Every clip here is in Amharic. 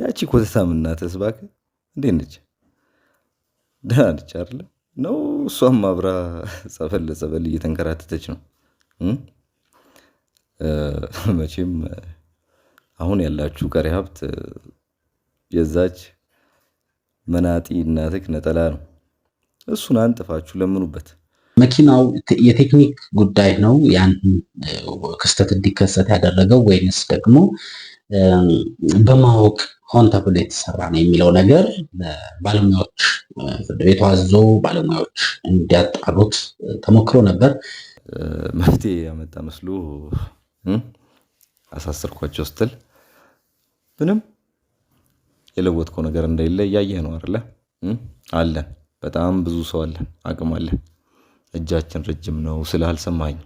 ያቺ ኮተታም እናትህ እባክህ እንዴት ነች? ደህና ነች አይደለ? ነው እሷም አብራ ጸበል ለጸበል እየተንከራተተች ነው። መቼም አሁን ያላችሁ ቀሪ ሀብት የዛች መናጢ እናትህ ነጠላ ነው። እሱን አንጥፋችሁ ለምኑበት። መኪናው የቴክኒክ ጉዳይ ነው ያን ክስተት እንዲከሰት ያደረገው ወይንስ ደግሞ በማወቅ ሆን ተብሎ የተሰራ ነው የሚለው ነገር ባለሙያዎች ፍርድ ቤቱ አዞ ባለሙያዎች እንዲያጣሩት ተሞክሮ ነበር። መፍትሄ ያመጣ መስሉ አሳስርኳቸው ስትል ምንም የለወጥከው ነገር እንደሌለ እያየህ ነው አለ አለን፣ በጣም ብዙ ሰው አለን፣ አቅም አለን፣ እጃችን ረጅም ነው ስለ አልሰማኝ።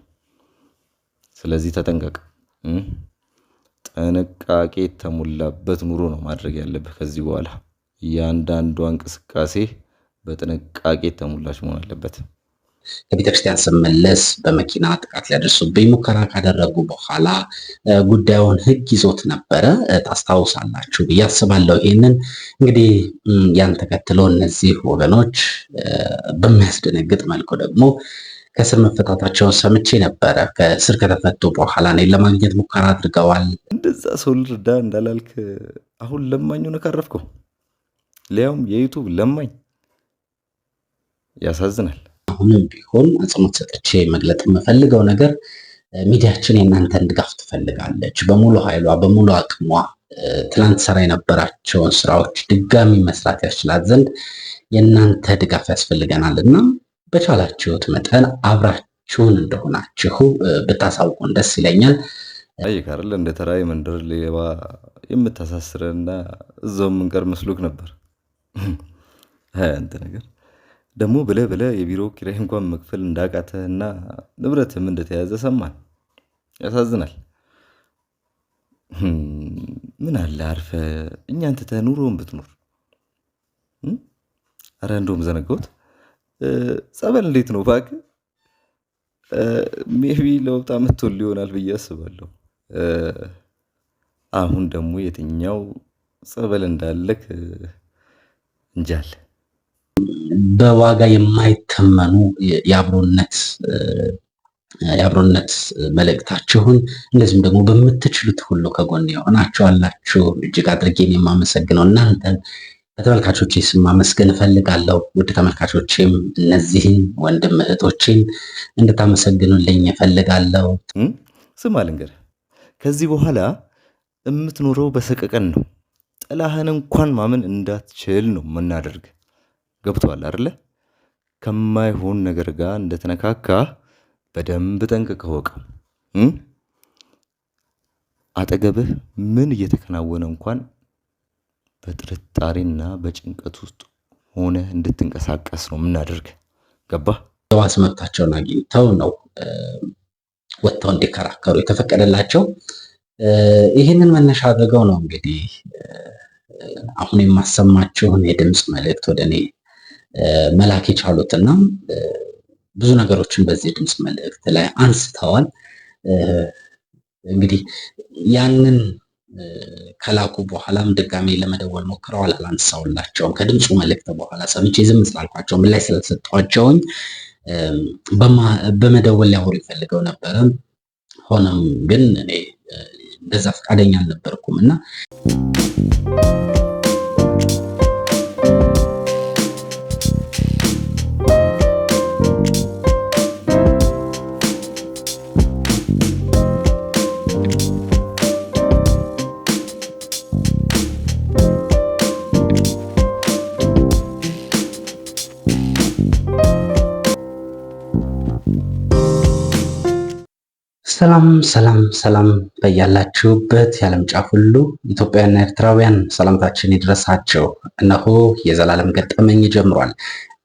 ስለዚህ ተጠንቀቅ። ጥንቃቄ የተሞላበት ኑሮ ነው ማድረግ ያለብህ። ከዚህ በኋላ እያንዳንዷ እንቅስቃሴ በጥንቃቄ የተሞላች መሆን አለበት። ከቤተክርስቲያን ስመለስ በመኪና ጥቃት ሊያደርሱብኝ ሙከራ ካደረጉ በኋላ ጉዳዩን ሕግ ይዞት ነበረ። ታስታውሳላችሁ ብዬ አስባለሁ። ይህንን እንግዲህ ያን ተከትሎ እነዚህ ወገኖች በሚያስደነግጥ መልኩ ደግሞ ከእስር መፈታታቸውን ሰምቼ ነበረ። ከእስር ከተፈቱ በኋላ እኔን ለማግኘት ሙከራ አድርገዋል። እንደዛ ሰው ልርዳ እንዳላልክ አሁን ለማኙ ነው ካረፍከው፣ ሊያውም የዩቱብ ለማኝ ያሳዝናል። አሁንም ቢሆን አጽንኦት ሰጥቼ መግለጥ የምፈልገው ነገር ሚዲያችን የእናንተን ድጋፍ ትፈልጋለች። በሙሉ ኃይሏ በሙሉ አቅሟ ትናንት ሰራ የነበራቸውን ስራዎች ድጋሚ መስራት ያስችላት ዘንድ የእናንተ ድጋፍ ያስፈልገናል እና በቻላችሁት መጠን አብራችሁን እንደሆናችሁ ብታሳውቁን ደስ ይለኛል። አይካርል እንደ ተራ መንደር ሌባ የምታሳስረና እዛው የምንቀር መስሎክ ነበር። አንተ ነገር ደግሞ ብለ ብለ የቢሮ ኪራይ እንኳን መክፈል እንዳቃተህና ንብረትም እንደተያዘ ሰማን። ያሳዝናል። ምን አለ አርፈ እኛን ትተህ ኑሮውን ብትኖር። አረ እንደውም ዘነገውት ጸበል እንዴት ነው ባክ? ሜቢ ለወጣ ምትል ሊሆናል ብዬ አስባለሁ። አሁን ደግሞ የትኛው ጸበል እንዳለክ እንጃል። በዋጋ የማይተመኑ የአብሮነት የአብሮነት መልእክታችሁን እንደዚሁም ደግሞ በምትችሉት ሁሉ ከጎን የሆናችሁ አላችሁ። እጅግ አድርጌን የማመሰግነው እናንተን በተመልካቾች ስም ማመስገን እፈልጋለሁ። ውድ ተመልካቾችም እነዚህን ወንድም እህቶችን እንድታመሰግኑልኝ እፈልጋለሁ። ስም አልንገር ከዚህ በኋላ የምትኖረው በሰቀቀን ነው። ጥላህን እንኳን ማመን እንዳትችል ነው የምናደርግ። ገብቶሃል አይደለ? ከማይሆን ነገር ጋር እንደተነካካ በደንብ ጠንቅቀህ ወቀው። አጠገብህ ምን እየተከናወነ እንኳን በጥርጣሬና በጭንቀት ውስጥ ሆነ እንድትንቀሳቀስ ነው የምናደርግ። ገባህ? መብታቸውን አግኝተው ነው ወጥተው እንዲከራከሩ የተፈቀደላቸው። ይህንን መነሻ አድርገው ነው እንግዲህ አሁን የማሰማችሁን የድምፅ መልእክት ወደ እኔ መላክ የቻሉትና ብዙ ነገሮችን በዚህ የድምፅ መልእክት ላይ አንስተዋል። እንግዲህ ያንን ከላኩ በኋላም ድጋሜ ለመደወል ሞክረዋል፣ አላነሳውላቸውም። ከድምፁ መልእክት በኋላ ሰምቼ ዝም ስላልኳቸው ምላሽ ስላልሰጧቸውኝ በመደወል ሊያወሩ ይፈልገው ነበረ። ሆነም ግን እኔ እንደዛ ፈቃደኛ አልነበርኩም እና ሰላም ሰላም ሰላም በያላችሁበት የዓለም ጫፍ ሁሉ ኢትዮጵያውያንና ኤርትራውያን ሰላምታችን ይድረሳቸው። እነሆ የዘላለም ገጠመኝ ጀምሯል።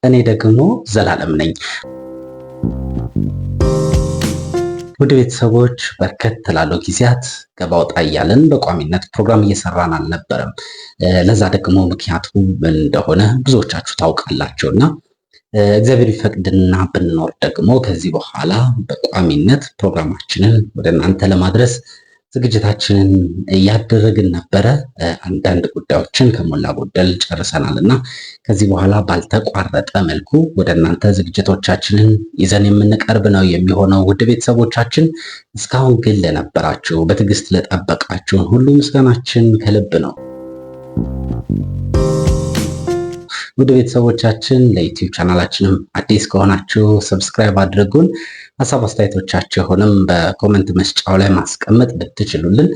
እኔ ደግሞ ዘላለም ነኝ። ውድ ቤተሰቦች በርከት ላለው ጊዜያት ገባውጣ እያለን በቋሚነት ፕሮግራም እየሰራን አልነበረም። ለዛ ደግሞ ምክንያቱ ምን እንደሆነ ብዙዎቻችሁ ታውቃላችሁና እግዚአብሔር ይፈቅድና ብንኖር ደግሞ ከዚህ በኋላ በቋሚነት ፕሮግራማችንን ወደ እናንተ ለማድረስ ዝግጅታችንን እያደረግን ነበረ። አንዳንድ ጉዳዮችን ከሞላ ጎደል ጨርሰናል እና ከዚህ በኋላ ባልተቋረጠ መልኩ ወደ እናንተ ዝግጅቶቻችንን ይዘን የምንቀርብ ነው የሚሆነው። ውድ ቤተሰቦቻችን እስካሁን ግን ለነበራችሁ፣ በትዕግስት ለጠበቃችሁን ሁሉ ምስጋናችን ከልብ ነው። ውድ ቤተሰቦቻችን ለዩትዩብ ቻናላችንም አዲስ ከሆናችሁ ሰብስክራይብ አድርጉን። ሀሳብ አስተያየቶቻችሁንም በኮመንት መስጫው ላይ ማስቀመጥ ብትችሉልን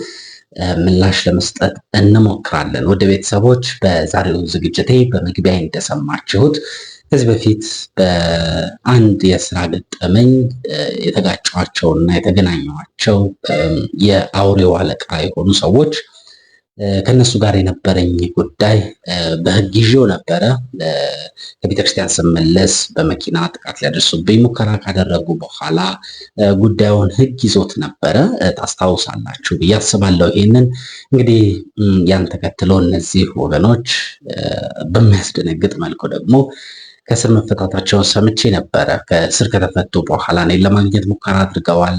ምላሽ ለመስጠት እንሞክራለን። ወደ ቤተሰቦች በዛሬው ዝግጅቴ በመግቢያ እንደሰማችሁት ከዚህ በፊት በአንድ የስራ ገጠመኝ የተጋጨኋቸውና የተገናኘቸው የአውሬው አለቃ የሆኑ ሰዎች ከነሱ ጋር የነበረኝ ጉዳይ በህግ ይዤው ነበረ። ከቤተክርስቲያን ስመለስ በመኪና ጥቃት ሊያደርሱብኝ ሙከራ ካደረጉ በኋላ ጉዳዩን ህግ ይዞት ነበረ። ታስታውሳላችሁ ብዬ አስባለሁ። ይህንን እንግዲህ ያን ተከትሎ እነዚህ ወገኖች በሚያስደነግጥ መልኩ ደግሞ ከስር መፈታታቸውን ሰምቼ ነበረ። ከስር ከተፈቱ በኋላ እኔን ለማግኘት ሙከራ አድርገዋል።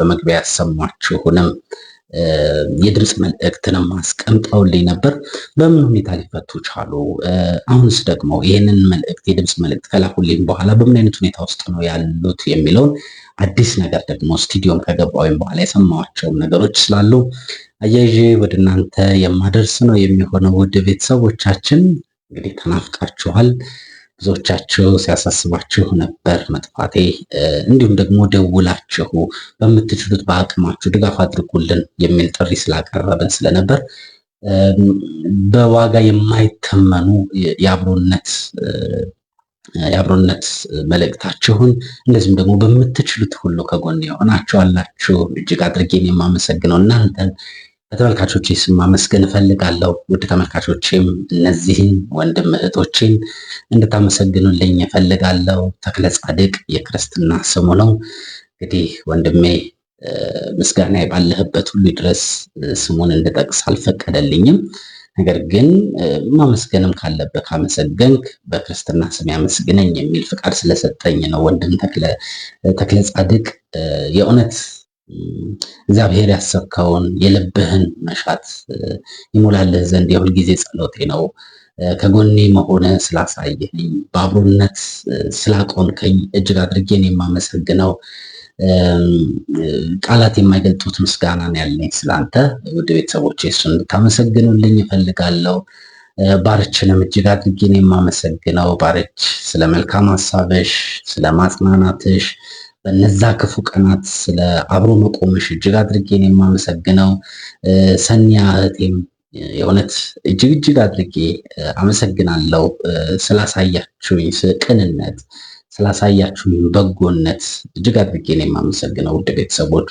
በመግቢያ ያሰማችሁንም የድምፅ መልእክትንም አስቀምጠውልኝ ነበር። በምን ሁኔታ ሊፈቱ ቻሉ? አሁንስ ደግሞ ይህንን መልእክት የድምፅ መልእክት ከላኩልኝ በኋላ በምን አይነት ሁኔታ ውስጥ ነው ያሉት የሚለውን አዲስ ነገር ደግሞ ስቱዲዮም ከገባ ወይም በኋላ የሰማኋቸውም ነገሮች ስላሉ አያይዤ ወደ እናንተ የማደርስ ነው የሚሆነው። ውድ ቤተሰቦቻችን እንግዲህ ተናፍቃችኋል። ብዙዎቻችሁ ሲያሳስባችሁ ነበር መጥፋቴ። እንዲሁም ደግሞ ደውላችሁ በምትችሉት በአቅማችሁ ድጋፍ አድርጉልን የሚል ጥሪ ስላቀረብን ስለነበር በዋጋ የማይተመኑ የአብሮነት የአብሮነት መልእክታችሁን እንደዚሁም ደግሞ በምትችሉት ሁሉ ከጎን የሆናችሁ አላችሁ። እጅግ አድርጌን የማመሰግነው እናንተን ለተመልካቾቼ ስም ማመስገን እፈልጋለሁ። ውድ ተመልካቾችም እነዚህን ወንድም እህቶችን እንድታመሰግኑልኝ እፈልጋለሁ። ተክለ ጻድቅ የክርስትና ስሙ ነው። እንግዲህ ወንድሜ ምስጋና ባለህበት ሁሉ ድረስ ስሙን እንድጠቅስ አልፈቀደልኝም። ነገር ግን ማመስገንም ካለበት ካመሰገንክ በክርስትና ስም ያመስግነኝ የሚል ፍቃድ ስለሰጠኝ ነው። ወንድም ተክለ ጻድቅ የእውነት እግዚአብሔር ያሰብከውን የልብህን መሻት ይሞላልህ ዘንድ የሁልጊዜ ጸሎቴ ነው። ከጎኔ መሆነ ስላሳየኝ በአብሮነት ስላቆንከኝ እጅግ አድርጌን የማመሰግነው ቃላት የማይገልጡት ምስጋናን ያለኝ ስላንተ ውድ ቤተሰቦች እሱን እንድታመሰግኑልኝ ይፈልጋለው። ባርችንም እጅግ አድርጌን የማመሰግነው ባርች ስለ መልካም ሀሳብሽ፣ ስለ ማጽናናትሽ በነዛ ክፉ ቀናት ስለ አብሮ መቆምሽ እጅግ አድርጌን የማመሰግነው ሰኒያ እህቴም የእውነት እጅግ እጅግ አድርጌ አመሰግናለሁ። ስላሳያችሁኝ ቅንነት፣ ስላሳያችሁኝ በጎነት እጅግ ነው የማመሰግነው ውድ ቤተሰቦች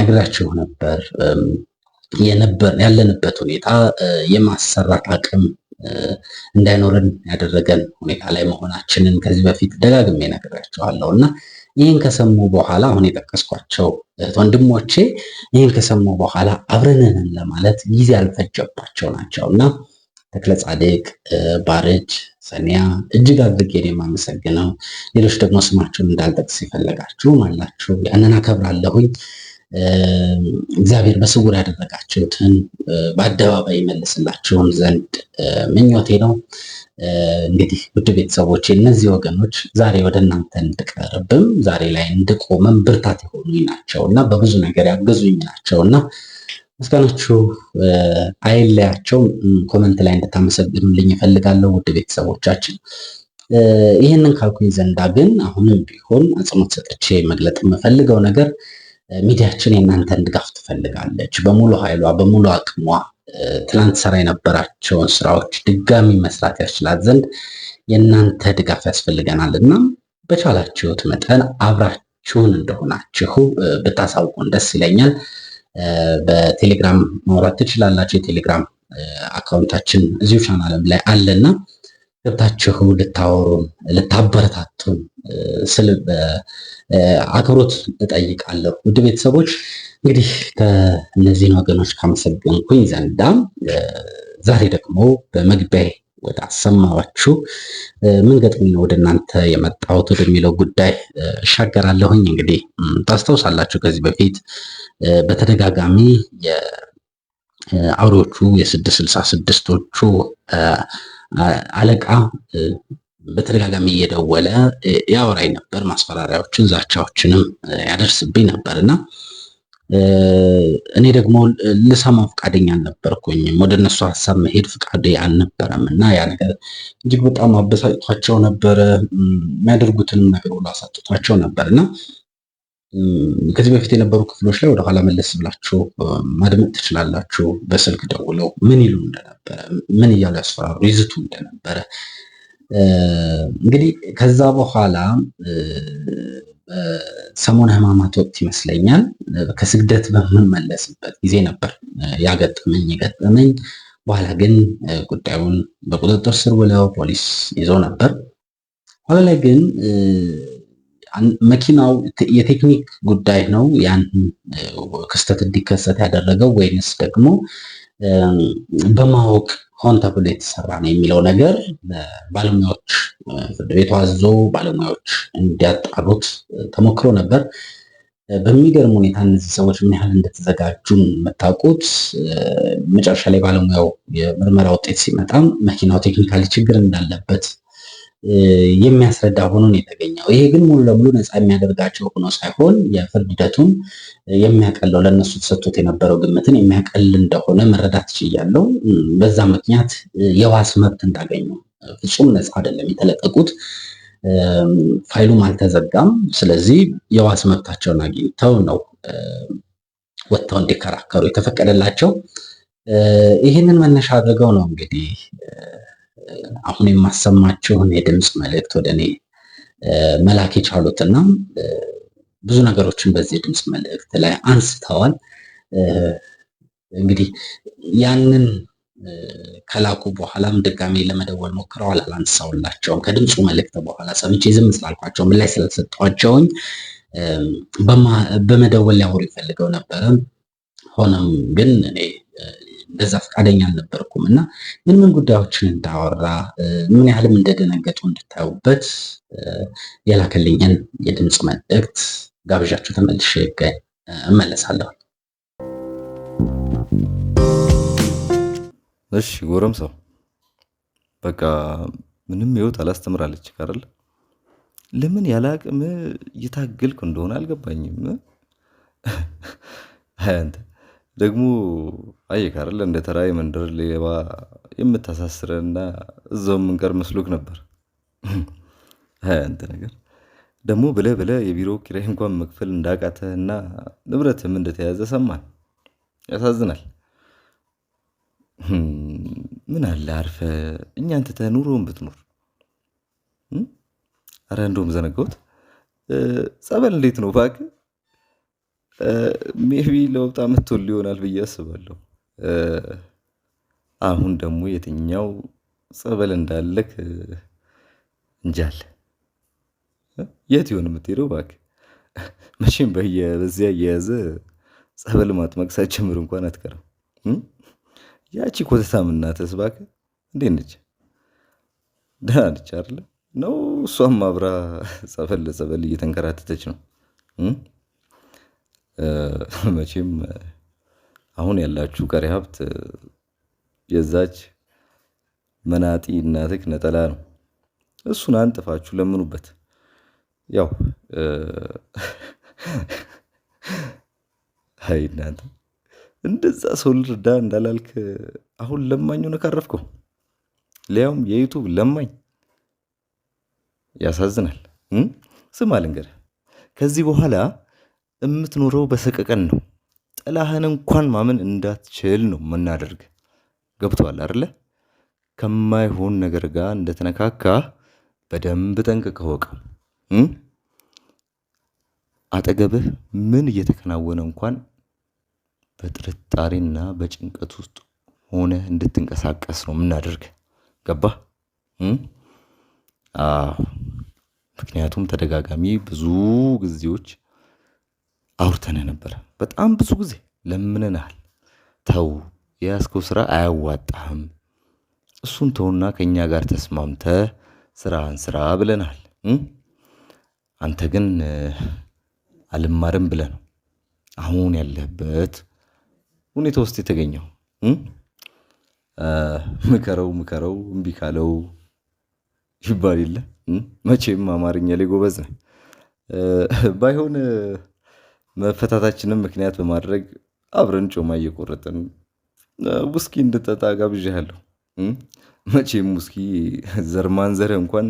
ነግራችሁ ነበር ያለንበት ሁኔታ የማሰራት አቅም እንዳይኖረን ያደረገን ሁኔታ ላይ መሆናችንን ከዚህ በፊት ደጋግሜ ነግራችኋለሁ እና ይህን ከሰሙ በኋላ አሁን የጠቀስኳቸው ወንድሞቼ ይህን ከሰሙ በኋላ አብረንንን ለማለት ጊዜ ያልፈጀባቸው ናቸው እና ተክለ ጻድቅ፣ ባርጅ፣ ሰኒያ እጅግ አድርጌ የማመሰግነው ሌሎች ደግሞ ስማችሁን እንዳልጠቅስ ይፈለጋችሁ አላችሁ። ያንን አከብራለሁኝ። እግዚአብሔር በስውር ያደረጋችሁትን በአደባባይ ይመልስላችሁም ዘንድ ምኞቴ ነው። እንግዲህ ውድ ቤተሰቦች እነዚህ ወገኖች ዛሬ ወደ እናንተ እንድቀርብም ዛሬ ላይ እንድቆምም ብርታት የሆኑኝ ናቸው እና በብዙ ነገር ያገዙኝ ናቸው እና ምስጋናችሁ አይለያቸው። ኮመንት ላይ እንድታመሰግኑልኝ እፈልጋለሁ። ውድ ቤተሰቦቻችን ይህንን ካልኩኝ ዘንዳ ግን አሁንም ቢሆን አጽንኦት ሰጥቼ መግለጥ የምፈልገው ነገር ሚዲያችን የእናንተን ድጋፍ ትፈልጋለች። በሙሉ ኃይሏ በሙሉ አቅሟ ትናንት ሰራ የነበራቸውን ስራዎች ድጋሚ መስራት ያስችላት ዘንድ የእናንተ ድጋፍ ያስፈልገናል እና በቻላችሁት መጠን አብራችሁን እንደሆናችሁ ብታሳውቁን ደስ ይለኛል። በቴሌግራም ማውራት ትችላላችሁ። የቴሌግራም አካውንታችን እዚሁ ቻናልም ላይ አለና ገብታችሁ ልታወሩን ልታበረታቱን ስል አክብሮት እጠይቃለሁ። ውድ ቤተሰቦች እንግዲህ ከእነዚህን ወገኖች ካመሰገንኩኝ ዘንዳ ዛሬ ደግሞ በመግቢያ ወደ አሰማዋችሁ ምን ገጥሞኝ ወደ እናንተ የመጣሁት ወደሚለው ጉዳይ እሻገራለሁኝ። እንግዲህ ታስታውሳላችሁ ከዚህ በፊት በተደጋጋሚ የአውሬዎቹ የስድስት ስልሳ ስድስቶቹ አለቃ በተደጋጋሚ እየደወለ ያወራኝ ነበር። ማስፈራሪያዎችን ዛቻዎችንም ያደርስብኝ ነበር እና እኔ ደግሞ ልሰማ ፈቃደኛ አልነበርኩኝም። ወደ እነሱ ሀሳብ መሄድ ፈቃዴ አልነበረም እና ያ ነገር እጅግ በጣም አበሳጭቷቸው ነበረ። የሚያደርጉትንም ነገር ሁሉ አሳጥቷቸው ነበር እና ከዚህ በፊት የነበሩ ክፍሎች ላይ ወደኋላ መለስ ብላችሁ ማድመጥ ትችላላችሁ። በስልክ ደውለው ምን ይሉ እንደነበረ፣ ምን እያሉ ያስፈራሩ ይዝቱ እንደነበረ እንግዲህ ከዛ በኋላ ሰሞነ ሕማማት ወቅት ይመስለኛል ከስግደት በምንመለስበት ጊዜ ነበር ያገጠመኝ የገጠመኝ። በኋላ ግን ጉዳዩን በቁጥጥር ስር ውለው ፖሊስ ይዞ ነበር። ኋላ ላይ ግን መኪናው የቴክኒክ ጉዳይ ነው ያን ክስተት እንዲከሰት ያደረገው ወይንስ ደግሞ በማወቅ ሆን ተብሎ የተሰራ ነው የሚለው ነገር ባለሙያዎች ፍርድ ቤቱ አዞ ባለሙያዎች እንዲያጣሩት ተሞክሮ ነበር። በሚገርም ሁኔታ እነዚህ ሰዎች ምን ያህል እንደተዘጋጁ የምታውቁት መጨረሻ ላይ ባለሙያው የምርመራ ውጤት ሲመጣም መኪናው ቴክኒካሊ ችግር እንዳለበት የሚያስረዳ ሆኖ ነው የተገኘው። ይሄ ግን ሙሉ ለሙሉ ነፃ የሚያደርጋቸው ሆኖ ሳይሆን የፍርድ ሂደቱን የሚያቀለው ለእነሱ ተሰጥቶት የነበረው ግምትን የሚያቀል እንደሆነ መረዳት ችያለው። በዛ ምክንያት የዋስ መብት እንዳገኙ ፍጹም ነፃ አይደለም የተለቀቁት፣ ፋይሉም አልተዘጋም። ስለዚህ የዋስ መብታቸውን አግኝተው ነው ወጥተው እንዲከራከሩ የተፈቀደላቸው። ይህንን መነሻ አድርገው ነው እንግዲህ አሁን የማሰማችሁን የድምፅ መልእክት ወደ እኔ መላክ የቻሉትና ብዙ ነገሮችን በዚህ የድምፅ መልእክት ላይ አንስተዋል። እንግዲህ ያንን ከላኩ በኋላም ድጋሜ ለመደወል ሞክረዋል፣ አላንሳውላቸውም። ከድምፁ መልእክት በኋላ ሰምቼ ዝም ስላልኳቸው ምን ላይ ስለሰጧቸውኝ በመደወል ሊያወሩ ይፈልገው ነበረ። ሆኖም ግን እኔ በዛ ፈቃደኛ አልነበርኩም እና ምን ምን ጉዳዮችን እንዳወራ ምን ያህልም እንደደነገጡ እንድታዩበት የላከልኝን የድምፅ መልእክት ጋብዣችሁ ተመልሼ ይገኝ እመለሳለሁ። እሺ ሰው በቃ ምንም ህይወት አላስተምራለች አይደል? ለምን ያለ አቅም እየታገልኩ እንደሆነ አልገባኝም። አንተ ደግሞ አየክ አይደለ እንደ ተራ የመንደር ሌባ የምታሳስረንና እዛው የምንቀር መስሎክ ነበር። አንተ ነገር ደግሞ ብለ ብለ የቢሮ ኪራይ እንኳን መክፈል እና ንብረትም እንደተያዘ ሰማን። ያሳዝናል። ምን አለ አርፈ እኛ አንተተ ኑሮውን ብትኖር። አረ እንደውም ዘነገውት ጸበል እንዴት ነው እባክህ? ሜቢ ለውጥ አመጥቶል ይሆናል ብዬ አስባለሁ። አሁን ደግሞ የትኛው ጸበል እንዳለክ እንጃል። የት ይሆን የምትሄደው? እባክህ መቼም በዚያ እየያዘ ጸበል ማጥመቅ ሳትጀምር እንኳን አትቀርም። ያቺ ኮተታም እናትህ እባክህ እንዴት ነች? ደህና ነች አይደለ? ነው እሷም አብራ ጸበል ለጸበል እየተንከራተተች ነው። መቼም አሁን ያላችሁ ቀሪ ሀብት የዛች መናጢ እናትህ ነጠላ ነው። እሱን አንጥፋችሁ ለምኑበት። ያው አይ እናንተ እንደዛ ሰው ልርዳ እንዳላልክ አሁን ለማኝ ሆነ ካረፍከው፣ ሊያውም የዩቱብ ለማኝ ያሳዝናል። ስም አልንገር ከዚህ በኋላ የምትኖረው በሰቀቀን ነው። ጥላህን እንኳን ማመን እንዳትችል ነው የምናደርግ። ገብቶሃል አይደለ? ከማይሆን ነገር ጋር እንደተነካካ በደንብ ጠንቅቀህ ወቀው። አጠገብህ ምን እየተከናወነ እንኳን በጥርጣሬና በጭንቀት ውስጥ ሆነ እንድትንቀሳቀስ ነው የምናደርግ። ገባ ምክንያቱም ተደጋጋሚ ብዙ ጊዜዎች አውርተን ነበረ። በጣም ብዙ ጊዜ ለምንናል፣ ተው የያዝከው ስራ አያዋጣህም፣ እሱን ተውና ከእኛ ጋር ተስማምተ ስራህን ስራ ብለናል። አንተ ግን አልማርም ብለ ነው አሁን ያለህበት ሁኔታ ውስጥ የተገኘው። ምከረው ምከረው እምቢ ካለው ይባል የለ መቼም አማርኛ ላይ ጎበዝ ነህ ባይሆን መፈታታችንም ምክንያት በማድረግ አብረን ጮማ እየቆረጥን ውስኪ እንድጠጣ ጋብዣለሁ። መቼም ውስኪ ዘርማን ዘር እንኳን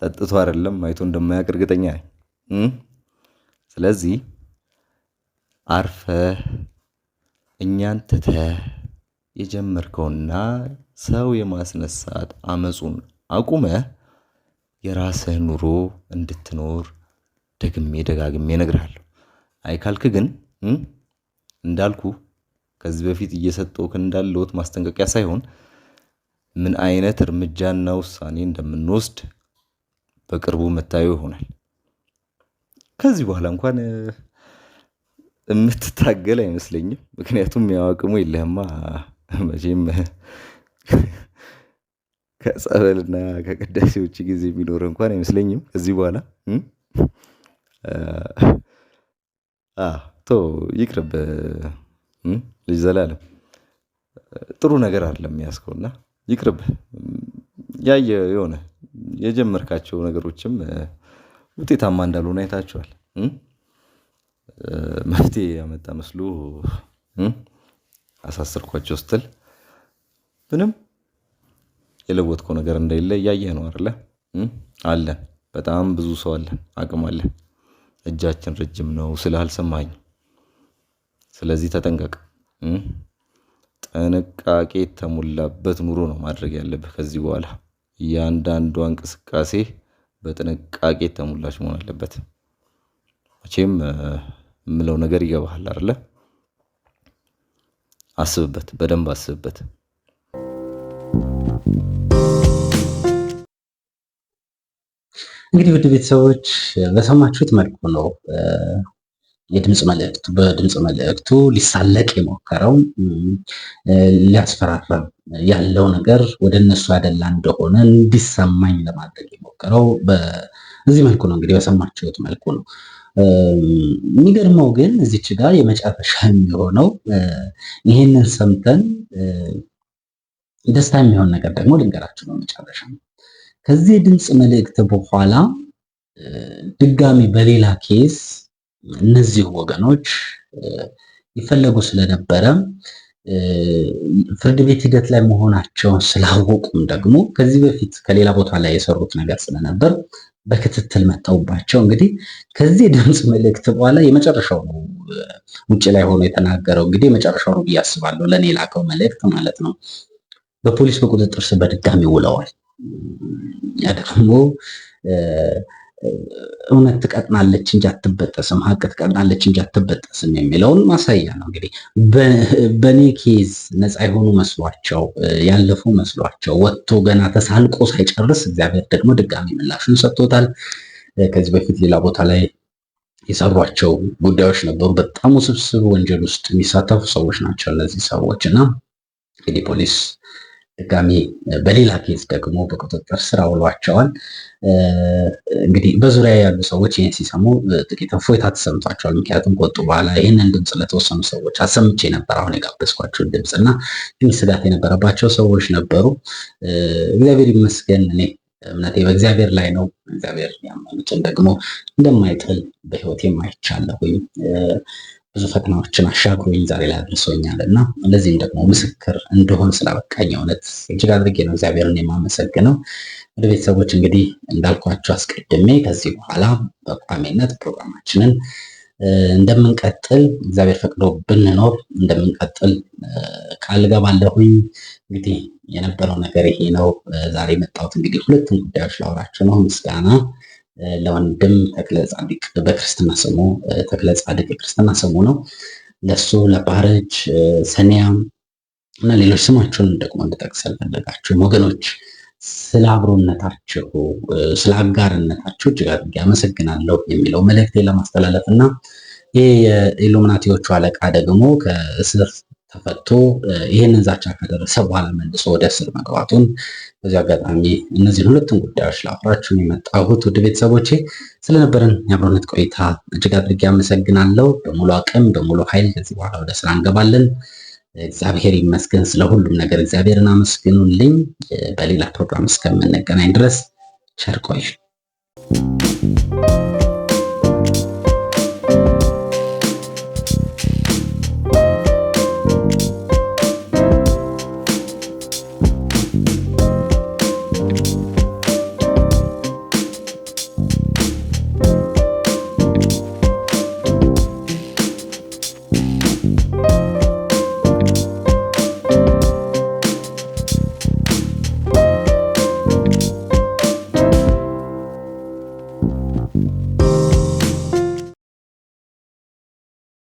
ጠጥቶ አይደለም አይቶ እንደማያውቅ እርግጠኛ ነኝ። ስለዚህ አርፈ እኛን ትተህ የጀመርከውና ሰው የማስነሳት አመፁን አቁመ የራስህ ኑሮ እንድትኖር ደግሜ ደጋግሜ እነግርሃለሁ። አይካልክ ግን እንዳልኩ ከዚህ በፊት እየሰጠውክ እንዳለሁት ማስጠንቀቂያ ሳይሆን ምን አይነት እርምጃና ውሳኔ እንደምንወስድ በቅርቡ መታየው ይሆናል። ከዚህ በኋላ እንኳን የምትታገል አይመስለኝም። ምክንያቱም የሚያዋቅሙ የለህማ መቼም ከጸበልና ከቅዳሴ ውጭ ጊዜ የሚኖር እንኳን አይመስለኝም ከዚህ በኋላ ቶ ይቅርብ ልጅ ዘላለም ጥሩ ነገር አይደለም የያዝከው እና ያየ የሆነ የጀመርካቸው ነገሮችም ውጤታማ እንዳልሆነ አይታችኋል። መፍትሄ ያመጣ መስሉ አሳስርኳቸው ስትል ምንም የለወጥከው ነገር እንደሌለ እያየ ነው አለ አለን በጣም ብዙ ሰው አለን፣ አቅም አለን። እጃችን ረጅም ነው ስላልሰማኝ፣ ስለዚህ ተጠንቀቅ። ጥንቃቄ የተሞላበት ኑሮ ነው ማድረግ ያለብህ ከዚህ በኋላ። እያንዳንዷ እንቅስቃሴ በጥንቃቄ የተሞላች መሆን አለበት። መቼም የምለው ነገር ይገባሃል አይደለ? አስብበት፣ በደንብ አስብበት። እንግዲህ ውድ ቤተሰቦች በሰማችሁት መልኩ ነው የድምፅ መልእክቱ በድምፅ መልእክቱ ሊሳለቅ የሞከረው ሊያስፈራራ ያለው ነገር ወደ እነሱ ያደላ እንደሆነ እንዲሰማኝ ለማድረግ የሞከረው በዚህ መልኩ ነው። እንግዲህ በሰማችሁት መልኩ ነው። የሚገርመው ግን እዚች ጋር የመጨረሻ የሚሆነው ይህንን ሰምተን ደስታ የሚሆን ነገር ደግሞ ልንገራችሁ ነው መጨረሻ ነው። ከዚህ የድምፅ መልእክት በኋላ ድጋሚ በሌላ ኬስ እነዚህ ወገኖች ይፈለጉ ስለነበረ ፍርድ ቤት ሂደት ላይ መሆናቸውን ስላወቁም ደግሞ ከዚህ በፊት ከሌላ ቦታ ላይ የሰሩት ነገር ስለነበር በክትትል መተውባቸው እንግዲህ ከዚህ የድምፅ መልእክት በኋላ የመጨረሻው ነው ውጭ ላይ ሆኖ የተናገረው እንግዲህ የመጨረሻው ነው ብዬ አስባለሁ። ለእኔ መልእክት ማለት ነው። በፖሊስ በቁጥጥር ስር በድጋሚ ውለዋል። ያ ደግሞ እውነት ትቀጥናለች እንጂ አትበጠስም፣ ሀቅ ትቀጥናለች እንጂ አትበጠስም የሚለውን ማሳያ ነው። እንግዲህ በኔ ኬዝ ነፃ የሆኑ መስሏቸው ያለፉ መስሏቸው ወጥቶ ገና ተሳልቆ ሳይጨርስ እግዚአብሔር ደግሞ ድጋሚ ምላሹን ሰጥቶታል። ከዚህ በፊት ሌላ ቦታ ላይ የሰሯቸው ጉዳዮች ነበሩ። በጣም ውስብስብ ወንጀል ውስጥ የሚሳተፉ ሰዎች ናቸው እነዚህ ሰዎች እና እንግዲህ ፖሊስ ድጋሚ በሌላ ኬዝ ደግሞ በቁጥጥር ስር አውሏቸዋል። እንግዲህ በዙሪያ ያሉ ሰዎች ይህን ሲሰሙ ጥቂት እፎይታ ተሰምቷቸዋል። ምክንያቱም ከወጡ በኋላ ይህንን ድምፅ ለተወሰኑ ሰዎች አሰምቼ ነበር፣ አሁን የጋበዝኳቸውን ድምፅ እና ግን ስጋት የነበረባቸው ሰዎች ነበሩ። እግዚአብሔር ይመስገን እኔ እምነቴ በእግዚአብሔር ላይ ነው። እግዚአብሔር ያመኑትን ደግሞ እንደማይጥል በሕይወት የማይቻለሁኝ ብዙ ፈተናዎችን አሻግሮኝ ዛሬ ላይ አድርሶኛል እና ለዚህም ደግሞ ምስክር እንደሆን ስላበቃኝ እውነት እጅግ አድርጌ ነው እግዚአብሔርን የማመሰግነው። ወደ ቤተሰቦች እንግዲህ እንዳልኳቸው አስቀድሜ ከዚህ በኋላ በቋሚነት ፕሮግራማችንን እንደምንቀጥል እግዚአብሔር ፈቅዶ ብንኖር እንደምንቀጥል ቃል ገባለሁኝ። እንግዲህ የነበረው ነገር ይሄ ነው። ዛሬ የመጣሁት እንግዲህ ሁለትም ጉዳዮች ላውራቸው ነው ምስጋና ለወንድም ተክለ ጻድቅ በክርስትና ስሙ ተክለ ጻድቅ የክርስትና ስሙ ነው። ለሱ ለባረጅ ሰኒያም እና ሌሎች ስማቸውን ደግሞ እንድጠቅስ ያልፈለጋችሁም ወገኖች ስለ አብሮነታችሁ ስለ አጋርነታችሁ እጅግ አድርጌ አመሰግናለሁ የሚለው መልእክቴ ለማስተላለፍ እና ይህ የኢሉሚናቲዎቹ አለቃ ደግሞ ከእስር ተፈቶ ይህንን ዛቻ ከደረሰ በኋላ መልሶ ወደ እስር መግባቱን በዚህ አጋጣሚ እነዚህን ሁለቱን ጉዳዮች ላወራችሁን የመጣሁት ውድ ቤተሰቦቼ ስለነበረን የአብሮነት ቆይታ እጅግ አድርጌ አመሰግናለሁ። በሙሉ አቅም በሙሉ ኃይል ከዚህ በኋላ ወደ ስራ እንገባለን። እግዚአብሔር ይመስገን ስለ ሁሉም ነገር እግዚአብሔርን አመስግኑልኝ። በሌላ ፕሮግራም እስከምንገናኝ ድረስ ቸር ቆዩ።